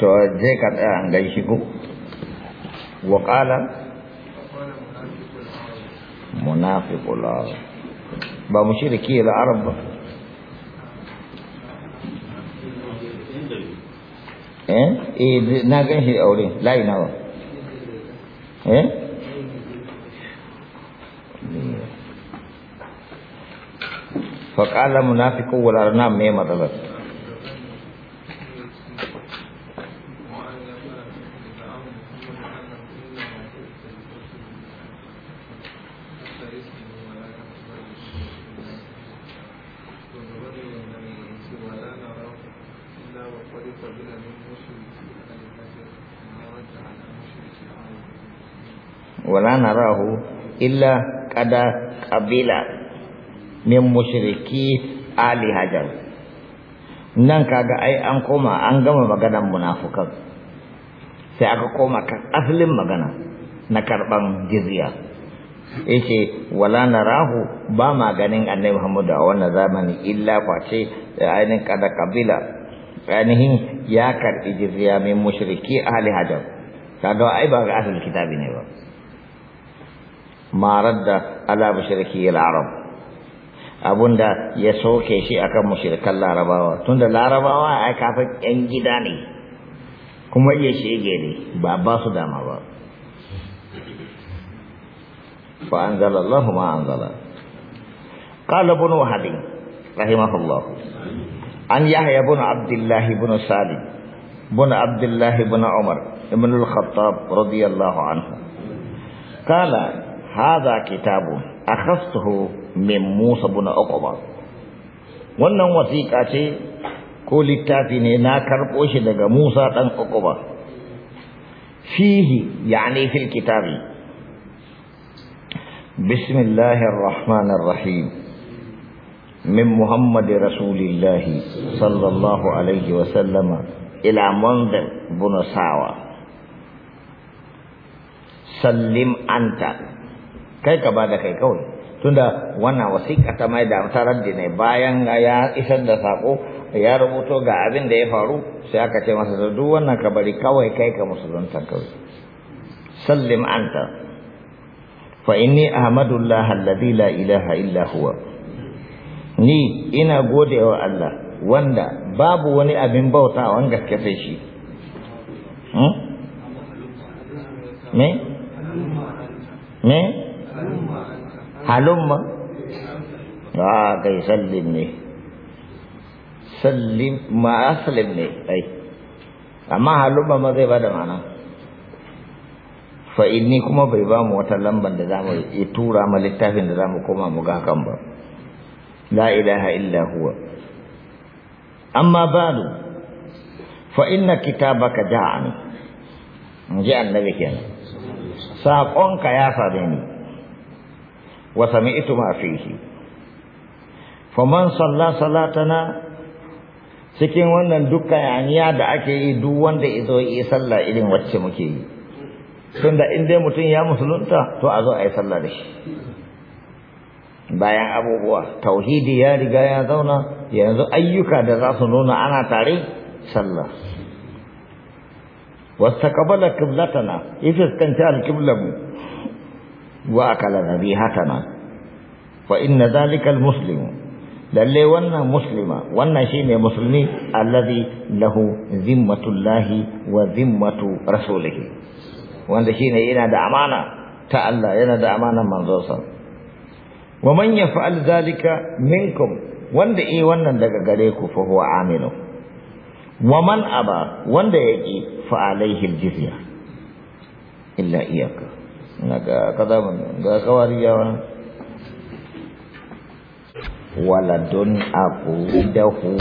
to je ka tsaya an gan shi wa qala munafiqul ba mushriki al arab eh eh na gan aure lai nawa eh فقال منافق ولا نام ما wala من rahu illa النجر kabila min ali ولا nan kaga ai an koma an gama maganan munafukan sai aka koma kan asalin magana na karban jizya yace wala narahu ba ma ganin annabi Muhammad a wannan zamani illa kwace ainin kada kabila ainihin ya karɓi jizya min mushriki halin hajar kaga ai ba ga asali kitabi ne ba marar da ala mushriki ya arab abunda ya soke shi a kan mushrikan larabawa tunda larabawa ai kafin yan gida ne kuma iya shege ne ba ba su dama ba fa zala ma anzala zala ibn wahadin rahimahullah an yahaya ibn abdullah ibn salim ibn abdullah ibn umar ibn al radiyallahu anhu qala hadha kitabu akhastuhu min musa ibn uqba wannan wasiƙa ce ko littafi ne na karɓo shi daga musa dan uqba fihi yani fil kitabi bismillahir rahmanir rahim من محمد رسول الله صلى الله عليه وسلم إلى منذر بن ساوى سلم أنت كيف بعد كيف كوي tunda wannan wasiƙa ta mai da tarar da ne bayan ya isar da sako ya rubuto ga abin da ya faru sai aka ce masa duk wannan ka bari kawai kai ka musulunta kawai sallim anta fa inni ahmadullah alladhi la ilaha illa huwa ni ina gode wa Allah wanda babu wani abin bauta a gaske sai shi hmm? me me halumma a ah, kai sallim ne sallim ma aslim ne ai amma halumma ma zai bada mana? fa inni kuma bai ba mu wata lamban da za mu tura ma littafin da za mu koma mu ga kan ba لا إله إلا هو أما بعد فإن كتابك جاءني جاء النبي كنا ساقونك يا صديني وسمعت ما فيه faman salla salatana cikin wannan dukkan yaniya da ake yi duk wanda ya zo yi sallah irin wacce muke yi tunda in dai mutum ya musulunta to a zo a yi sallah da shi bayan abubuwa tauhidi ya riga ya zauna yanzu ayyuka da za su nuna ana tare sallah wastaqbala qiblatana ifiskanci alqiblamu wa akala dhabihatana fa inna dhalika almuslimu lalle wannan muslima wannan shine musulmi alladhi lahu zimmatullahi wa zimmatu rasulihi wanda ne yana da amana ta Allah yana da amanan manzonsa wa man yaf'al zalika minkum wanda eh wannan daga gare ku fa huwa aminu wa man aba wanda yaki fa alaihi aljizya illa iyyaka naga ban ga waladun aqudahu